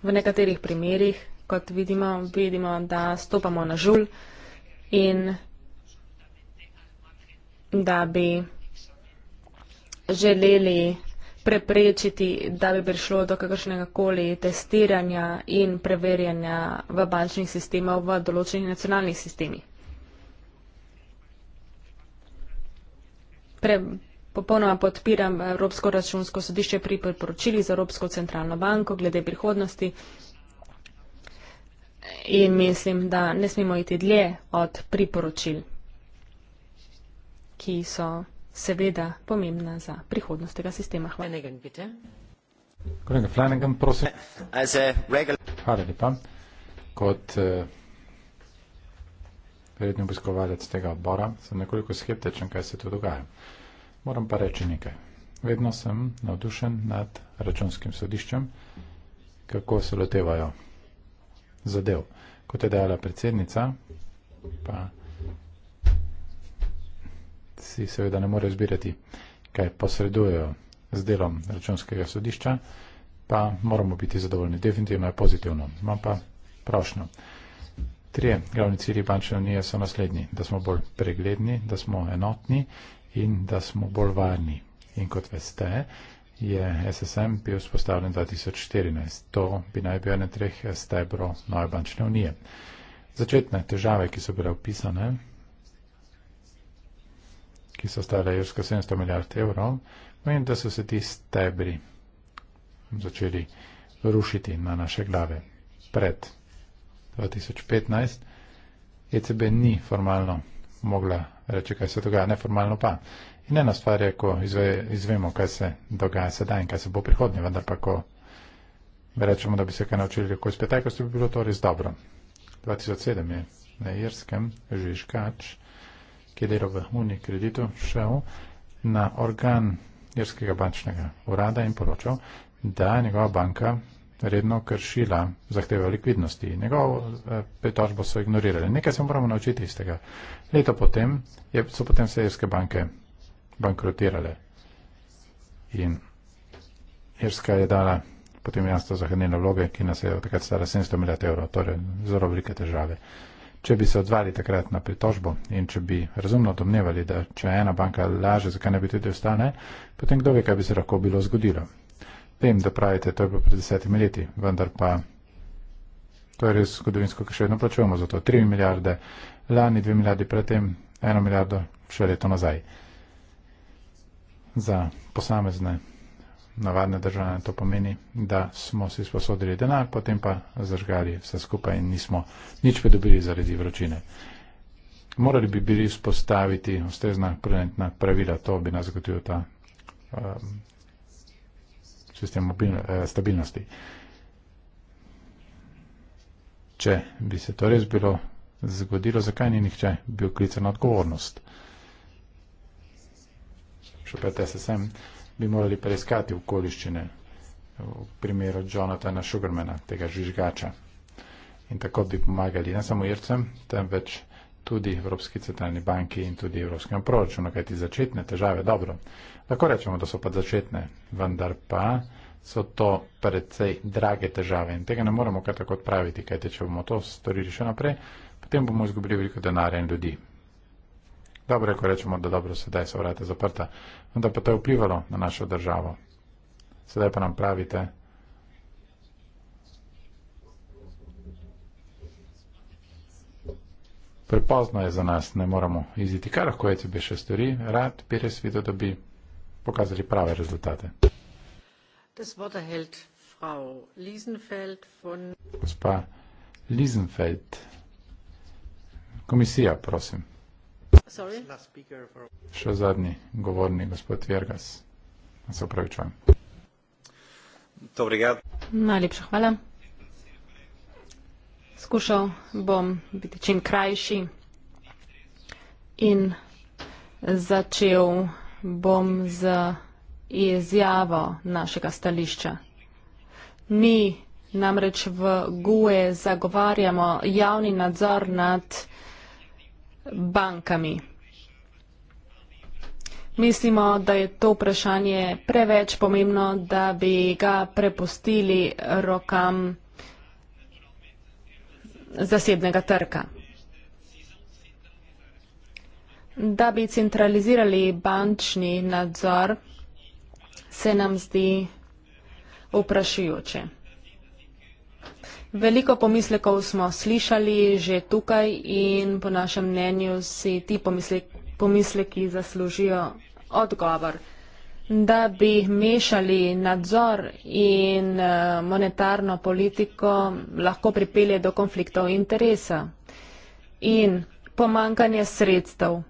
V nekaterih primerjih, kot vidimo, vidimo, da stopamo na žul in da bi želeli preprečiti, da bi prišlo do kakršnega koli testiranja in preverjanja v bančnih sistemov v določenih nacionalnih sistemih. Pre, Popolnoma podpiram Evropsko računsko sodišče pri priporočili za Evropsko centralno banko glede prihodnosti in mislim, da ne smemo iti dlje od priporočil, ki so seveda pomembna za prihodnost tega sistema. Hvala. Kolega Flanagan, prosim. Hvala lepa. Kot eh, redni obiskovalec tega odbora sem nekoliko skeptičen, kaj se tu dogaja. Eh, Moram pa reči nekaj. Vedno sem navdušen nad računskim sodiščem, kako se lotevajo zadev. Kot je dejala predsednica, pa si seveda ne more izbirati, kaj posredujejo z delom računskega sodišča, pa moramo biti zadovoljni. Definitivno je pozitivno. Imam pa prošnjo. Trije glavni cilji bančne unije so naslednji, da smo bolj pregledni, da smo enotni in da smo bolj varni. In kot veste, je SSM bil spostavljen 2014. To bi naj bil ene treh stebro nove bančne unije. Začetne težave, ki so bile opisane, ki so stale jurska 700 milijard evrov, in da so se ti stebri začeli rušiti na naše glave. Pred 2015 ECB ni formalno mogla reče, kaj se dogaja, neformalno pa. In ena stvar je, ko izve, izvemo, kaj se dogaja sedaj in kaj se bo prihodnje, vendar pa, ko rečemo, da bi se kaj naučili, ko iz preteklosti bi bilo to res dobro. 2007 je na Irskem Žižkač, ki je delal v Uni kreditu, šel na organ Irskega bančnega urada in poročal, da njegova banka redno kršila zahteve likvidnosti. Njegovo eh, pritožbo so ignorirali. Nekaj se moramo naučiti iz tega. Leto potem je, so potem vse irske banke bankrotirale in Irska je dala potem jasno zahranila vloge, ki nas je od takrat stara 700 milijard evrov, torej zelo velike težave. Če bi se odvali takrat na pritožbo in če bi razumno domnevali, da če ena banka laže, zakaj ne bi tudi ostale, potem kdo ve, kaj bi se lahko bilo zgodilo. Vem, da pravite, to je bilo pred desetimi leti, vendar pa to je res zgodovinsko, ki še vedno plačujemo za to. 3 milijarde lani, 2 milijarde predtem, 1 milijardo še leto nazaj. Za posamezne navadne državljane to pomeni, da smo si sposodili denar, potem pa zažgali vse skupaj in nismo nič pridobili zaradi vročine. Morali bi bili spostaviti ustrezna prudentna pravila, to bi nas zagotovil ta um, sistem mobilne, eh, stabilnosti. Če bi se to res bilo zgodilo, zakaj ni nihče bil klican na odgovornost? Še pred SSM bi morali preiskati okoliščine v primeru Jonathana Sugarmana, tega žvižgača. In tako bi pomagali ne samo Ircem, temveč tudi Evropski centralni banki in tudi Evropskem proračunu, kajti začetne težave, dobro, lahko rečemo, da so pa začetne, vendar pa so to predvsej drage težave in tega ne moramo kar tako odpraviti, kajte če bomo to storili še naprej, potem bomo izgubili veliko denarja in ljudi. Dobro je, ko rečemo, da dobro, sedaj so vrate zaprta, vendar pa to je vplivalo na našo državo. Sedaj pa nam pravite, prepozno je za nas, ne moramo iziti. Kar lahko ECB še stori, rad bi res videl, da bi pokazali prave rezultate. Gospa Liesenfeld, komisija, prosim. Še zadnji govorni, gospod Vergas. Se upravičujem. Najlepša hvala. Skušal bom biti čim krajši in začel bom z izjavo našega stališča. Mi namreč v GUE zagovarjamo javni nadzor nad bankami. Mislimo, da je to vprašanje preveč pomembno, da bi ga prepustili rokam zasebnega trga. Da bi centralizirali bančni nadzor, se nam zdi vprašujoče. Veliko pomislekov smo slišali že tukaj in po našem mnenju si ti pomisleki zaslužijo odgovor da bi mešali nadzor in eh, monetarno politiko, lahko pripelje do konfliktov interesa in pomankanja sredstev.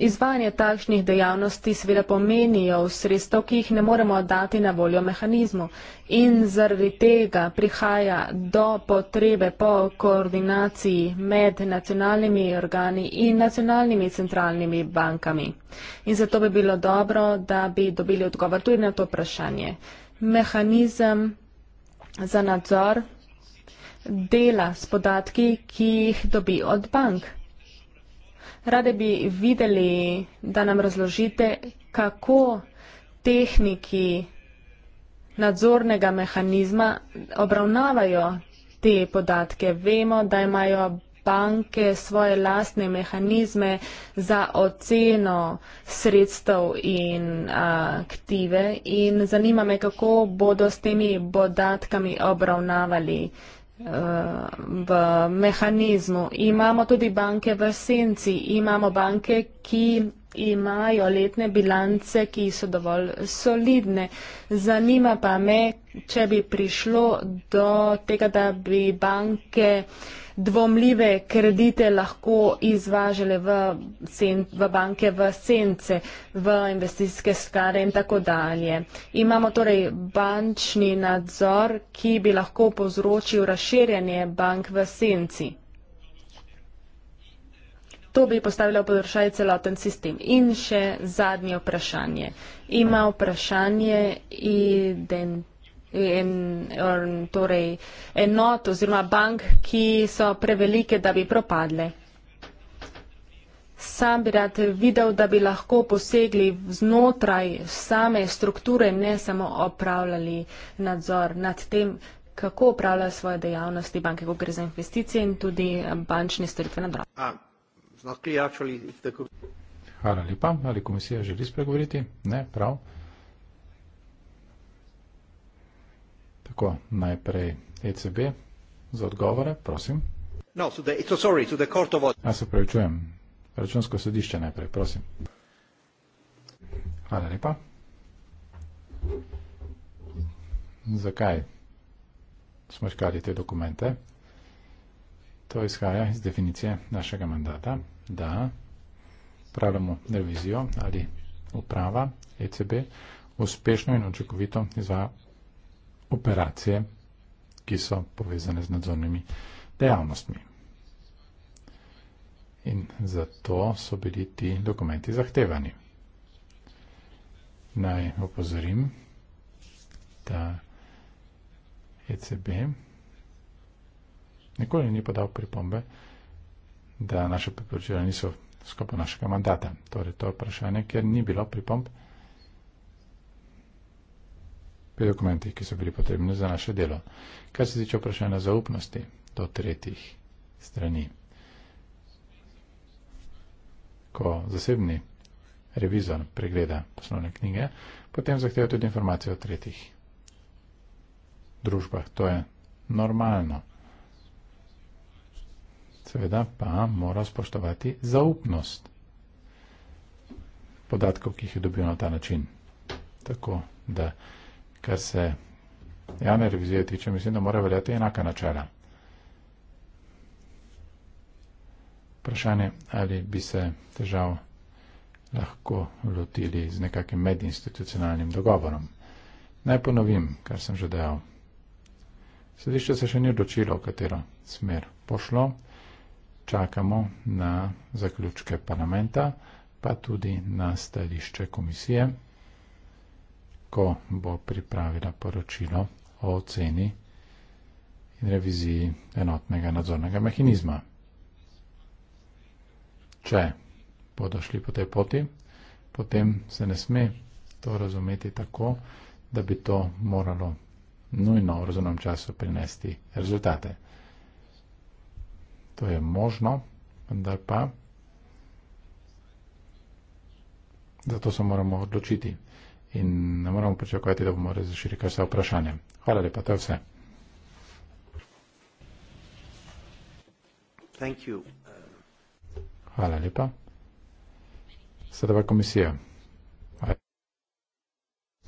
Izvajanje takšnih dejavnosti seveda pomenijo sredstev, ki jih ne moremo dati na voljo mehanizmu. In zaradi tega prihaja do potrebe po koordinaciji med nacionalnimi organi in nacionalnimi centralnimi bankami. In zato bi bilo dobro, da bi dobili odgovor tudi na to vprašanje. Mehanizem za nadzor dela s podatki, ki jih dobi od bank. Rade bi videli, da nam razložite, kako tehniki nadzornega mehanizma obravnavajo te podatke. Vemo, da imajo banke svoje lastne mehanizme za oceno sredstev in aktive in zanima me, kako bodo s temi podatkami obravnavali v mehanizmu. Imamo tudi banke v senci, imamo banke, ki imajo letne bilance, ki so dovolj solidne. Zanima pa me, če bi prišlo do tega, da bi banke uh, dvomljive kredite lahko izvažale v, sen, v banke, v sence, v investicijske skare in tako dalje. Imamo torej bančni nadzor, ki bi lahko povzročil razširjanje bank v senci. To bi postavilo podršaj celoten sistem. In še zadnje vprašanje. Ima vprašanje identiteta in, in torej enot oziroma bank, ki so prevelike, da bi propadle. Sam bi rad videl, da bi lahko posegli znotraj same strukture, ne samo opravljali nadzor nad tem, kako upravljajo svoje dejavnosti banke, ko gre za investicije in tudi bančne storitve na drugo. Ah, Hvala lepa. Ali komisija želi spregovoriti? Ne, prav. lahko najprej ECB za odgovore, prosim. No, the, sorry, of... A se prevečujem, računsko sodišče najprej, prosim. Hvala lepa. Zakaj smo iškali te dokumente? To izhaja iz definicije našega mandata, da pravljamo revizijo ali uprava ECB uspešno in očekovito izvaja operacije, ki so povezane z nadzornimi dejavnostmi. In zato so bili ti dokumenti zahtevani. Naj opozorim, da ECB nikoli ni podal pripombe, da naše priporočila niso skupaj našega mandata. Torej, to je vprašanje, ker ni bilo pripomb pri dokumentih, ki so bili potrebni za naše delo. Kar se tiče vprašanja zaupnosti do tretjih strani, ko zasebni revizor pregleda poslovne knjige, potem zahteva tudi informacije o tretjih družbah. To je normalno. Seveda pa mora spoštovati zaupnost podatkov, ki jih je dobil na ta način. Tako da kar se javne revizije tiče, mislim, da mora veljati enaka načela. Vprašanje, ali bi se težav lahko lotili z nekakim medinstitucionalnim dogovorom. Naj ponovim, kar sem že dejal. Sodišče se še ni odločilo, v katero smer pošlo. Čakamo na zaključke parlamenta, pa tudi na stališče komisije ko bo pripravila poročilo o oceni in reviziji enotnega nadzornega mehanizma. Če bodo šli po tej poti, potem se ne sme to razumeti tako, da bi to moralo nujno v razumnem času prinesti rezultate. To je možno, vendar pa zato se moramo odločiti in ne moramo pričakovati, da bomo razrešili kar vse vprašanje. Hvala lepa, to je vse. Hvala lepa. Sedaj komisija.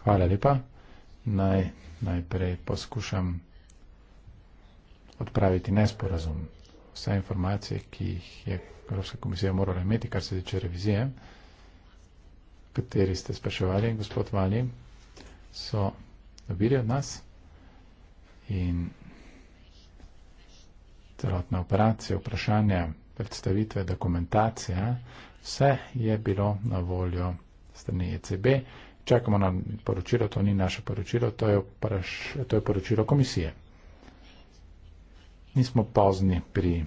Hvala lepa. Naj, najprej poskušam odpraviti nesporazum. Vse informacije, ki jih je Evropska komisija morala imeti, kar se tiče revizije kateri ste spraševali, gospod Valjem, so dobili od nas in celotna operacija, vprašanja, predstavitve, dokumentacija, vse je bilo na voljo strani ECB. Čakamo na poročilo, to ni naše poročilo, to je, to je poročilo komisije. Nismo pozni pri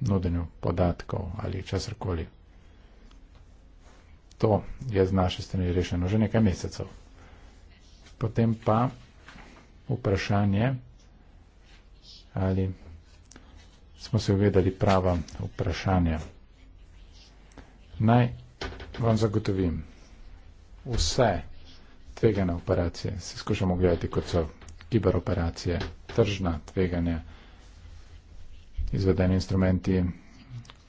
nudenju podatkov ali česarkoli to je z naše strani rešeno že nekaj mesecev. Potem pa vprašanje, ali smo se uvedali prava vprašanja. Naj vam zagotovim, vse tvegane operacije se skušamo gledati kot so kiberoperacije, tržna tveganja, izvedeni instrumenti,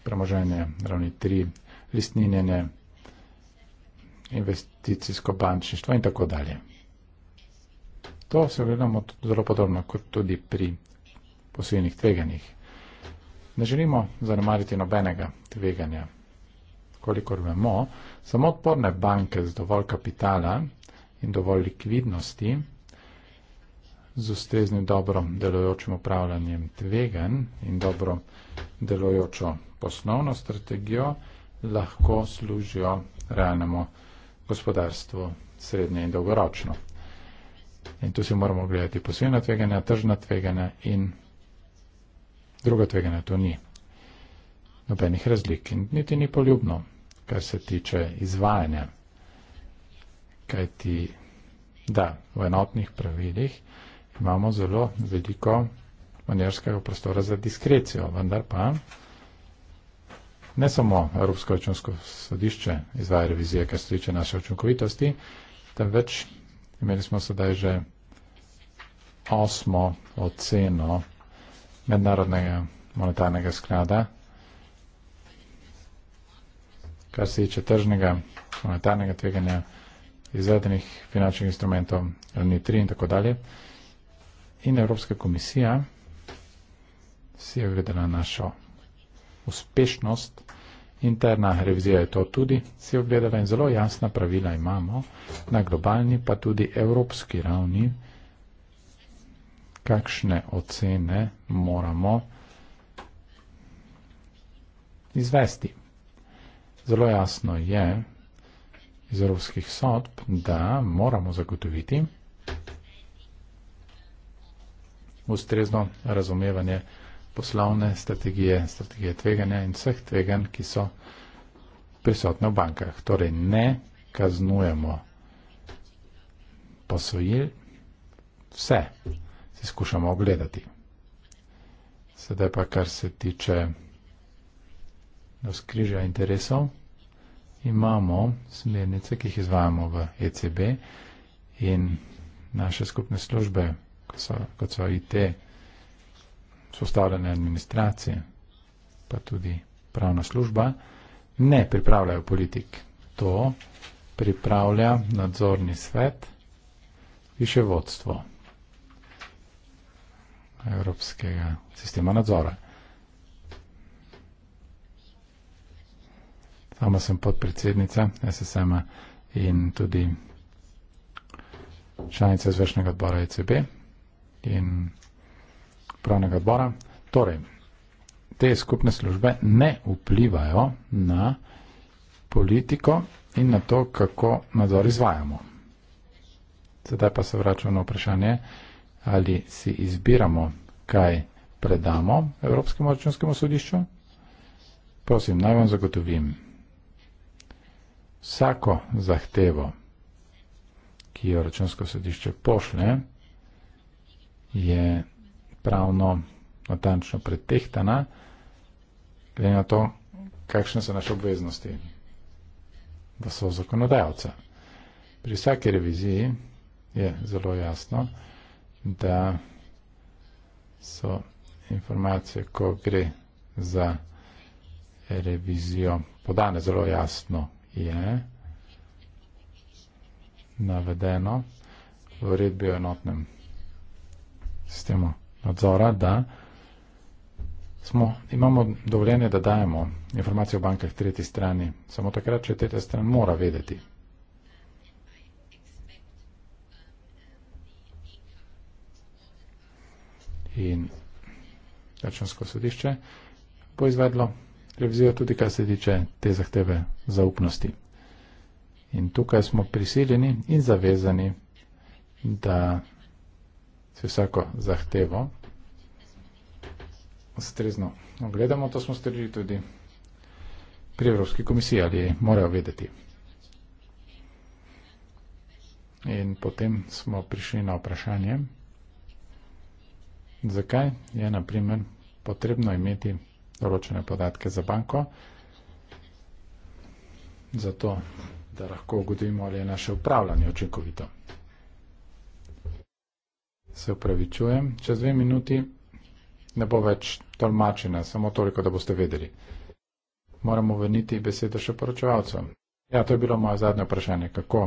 premoženje ravni 3, listninjenje, investicijsko bančništvo in tako dalje. To se gledamo zelo podobno kot tudi pri posojenih tveganjih. Ne želimo zanemariti nobenega tveganja. Kolikor vemo, samo odporne banke z dovolj kapitala in dovolj likvidnosti z ustreznim dobro delojočim upravljanjem tvegan in dobro delojočo poslovno strategijo lahko služijo realnemu gospodarstvo srednje in dolgoročno. In tu si moramo gledati posebna tveganja, tržna tveganja in druga tveganja, to ni nobenih razlik in niti ni poljubno, kar se tiče izvajanja. Kaj ti da, v enotnih pravilih imamo zelo veliko manjerskega prostora za diskrecijo, vendar pa Ne samo Evropsko računsko sodišče izvaja revizije, kar se tiče naše učinkovitosti, temveč imeli smo sedaj že osmo oceno Mednarodnega monetarnega sklada, kar se tiče tržnega monetarnega tveganja, izvedenih finančnih instrumentov, ravni 3 in tako dalje. In Evropska komisija si je ogledala našo uspešnost. Interna revizija je to tudi si ogledala in zelo jasna pravila imamo na globalni, pa tudi evropski ravni, kakšne ocene moramo izvesti. Zelo jasno je iz evropskih sodb, da moramo zagotoviti ustrezno razumevanje poslovne strategije, strategije tveganja in vseh tveganj, ki so prisotne v bankah. Torej ne kaznujemo posojil, vse si skušamo ogledati. Sedaj pa, kar se tiče razkrižja interesov, imamo smernice, ki jih izvajamo v ECB in naše skupne službe, kot so, kot so IT, sostavljene administracije, pa tudi pravna služba, ne pripravljajo politik. To pripravlja nadzorni svet in še vodstvo evropskega sistema nadzora. Sama sem podpredsednica SSM in tudi članica izvršnega odbora ECB in upravnega odbora. Torej, te skupne službe ne vplivajo na politiko in na to, kako nadzor izvajamo. Sedaj pa se vračam na vprašanje, ali si izbiramo, kaj predamo Evropskemu računskemu sodišču. Prosim, naj vam zagotovim, vsako zahtevo, ki jo računsko sodišče pošle, je pravno natančno pretehtana, glede na to, kakšne so naše obveznosti, da so zakonodajalca. Pri vsaki reviziji je zelo jasno, da so informacije, ko gre za revizijo podane, zelo jasno je navedeno v redbi o enotnem sistemu nadzora, da smo, imamo dovoljenje, da dajemo informacije o bankah tretji strani, samo takrat, če tretja stran mora vedeti. In računsko sodišče bo izvedlo revizijo tudi, kar se tiče te zahteve zaupnosti. In tukaj smo prisiljeni in zavezani, da z vsako zahtevo ustrezno ogledamo. To smo storili tudi pri Evropski komisiji, ali je morajo vedeti. In potem smo prišli na vprašanje, zakaj je na primer potrebno imeti določene podatke za banko, zato da lahko ugotovimo, ali je naše upravljanje učinkovito se upravičujem, čez dve minuti ne bo več tolmačena, samo toliko, da boste vedeli. Moramo vrniti besede še poročevalcem. Ja, to je bilo moje zadnje vprašanje, kako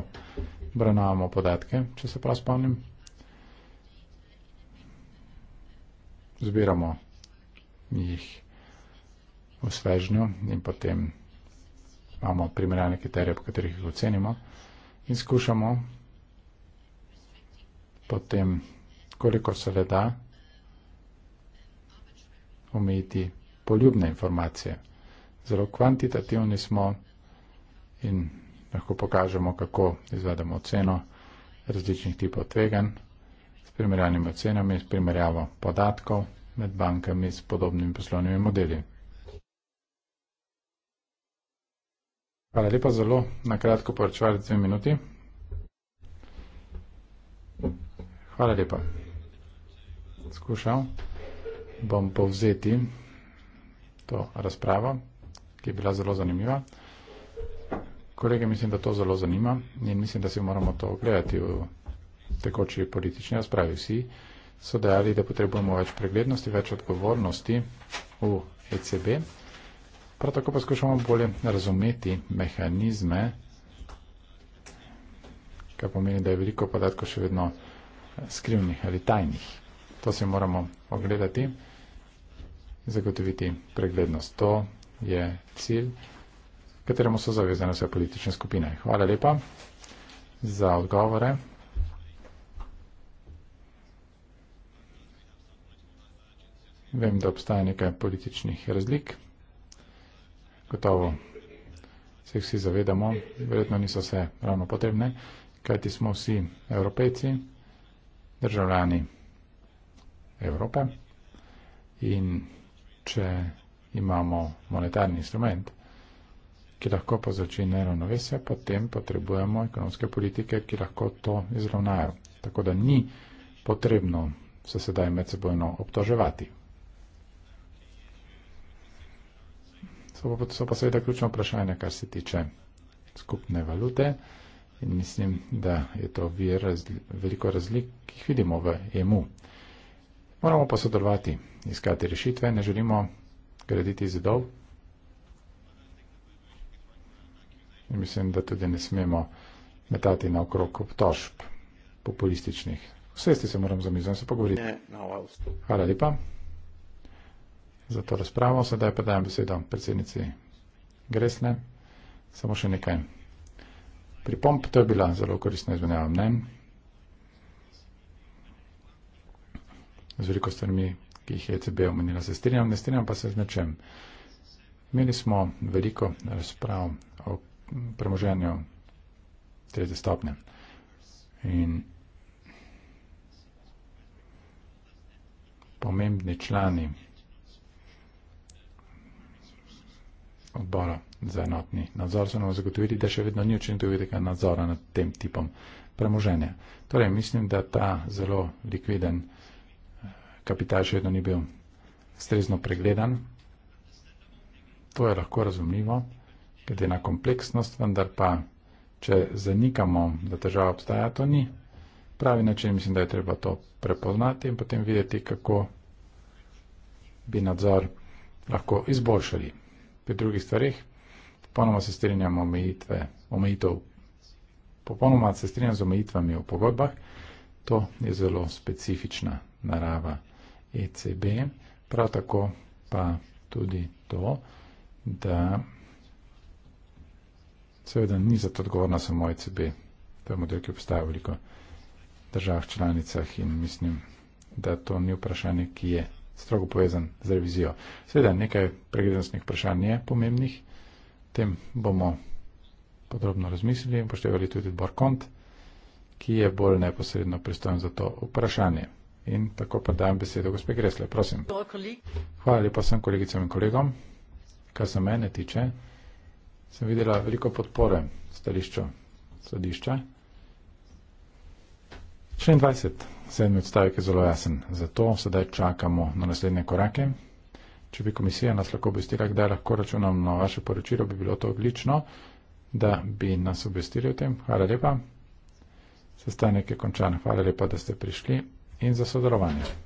obravnavamo podatke, če se prav spomnim. Zbiramo jih v svežnju in potem imamo primerjalne kriterije, po katerih jih ocenimo in skušamo potem koliko se le da, omejiti poljubne informacije. Zelo kvantitativni smo in lahko pokažemo, kako izvedemo oceno različnih tipov tveganj s primerjalnimi ocenami, s primerjavo podatkov med bankami s podobnimi poslovnimi modeli. Hvala lepa, zelo na kratko poročevali dve minuti. Hvala lepa skušal, bom povzeti to razpravo, ki je bila zelo zanimiva. Kolege, mislim, da to zelo zanima in mislim, da si moramo to ogledati v tekoči politični razpravi. Vsi so dejali, da potrebujemo več preglednosti, več odgovornosti v ECB. Prav tako pa skušamo bolje razumeti mehanizme, kar pomeni, da je veliko podatkov še vedno skrivnih ali tajnih to si moramo ogledati in zagotoviti preglednost. To je cilj, kateremu so zavezane vse politične skupine. Hvala lepa za odgovore. Vem, da obstaja nekaj političnih razlik. Gotovo se jih vsi zavedamo, verjetno niso vse ravno potrebne, kajti smo vsi evropejci, državljani Evrope. In če imamo monetarni instrument, ki lahko povzroči neravnovesje, potem potrebujemo ekonomske politike, ki lahko to izravnajo. Tako da ni potrebno se sedaj medsebojno obtoževati. So pa, so pa seveda ključno vprašanje, kar se tiče skupne valute. In mislim, da je to vir razli veliko razlik, ki jih vidimo v EMU. Moramo pa sodelovati, iskati rešitve, ne želimo graditi zidov. In mislim, da tudi ne smemo metati na okrog obtožb populističnih. Vsesti se moram zamizati, se pogovoriti. Hvala lepa za to razpravo. Sedaj pa dajem besedo predsednici Gresne. Samo še nekaj. Pripomp, to je bila zelo koristna izmenjava mnen. z veliko stvarmi, ki jih je ECB omenila. Se strinjam, ne strinjam pa se z nečem. Imeli smo veliko razprav o premoženju tretje stopne. In pomembni člani odbora za enotni nadzor so nam zagotovili, da še vedno ni učinkovitega nadzora nad tem tipom premoženja. Torej, mislim, da ta zelo likviden kapital še vedno ni bil strezno pregledan. To je lahko razumljivo, glede na kompleksnost, vendar pa, če zanikamo, da težava obstaja, to ni pravi način. Mislim, da je treba to prepoznati in potem videti, kako bi nadzor lahko izboljšali. Pri drugih stvarih popolnoma se strinjamo omejitve, omejitev, popolnoma se strinjam z omejitvami v pogodbah. To je zelo specifična narava ECB, prav tako pa tudi to, da seveda ni za to odgovorna samo ECB, to je model, ki obstaja v veliko državah članicah in mislim, da to ni vprašanje, ki je strogo povezan z revizijo. Seveda nekaj pregrednostnih vprašanj je pomembnih, tem bomo podrobno razmislili in poštevali tudi odbor kont, ki je bolj neposredno pristojen za to vprašanje. In tako pa dajem besedo gospe Gresle, prosim. Hvala lepa sem kolegicam in kolegom. Kar se mene tiče, sem videla veliko podpore stališču sodišča. Še 20, sedmi odstavek je zelo jasen. Zato sedaj čakamo na naslednje korake. Če bi komisija nas lahko obvestila, kdaj lahko računam na vaše poročilo, bi bilo to odlično, da bi nas obvestili o tem. Hvala lepa. Sestanek je končan. Hvala lepa, da ste prišli in za sodelovanje.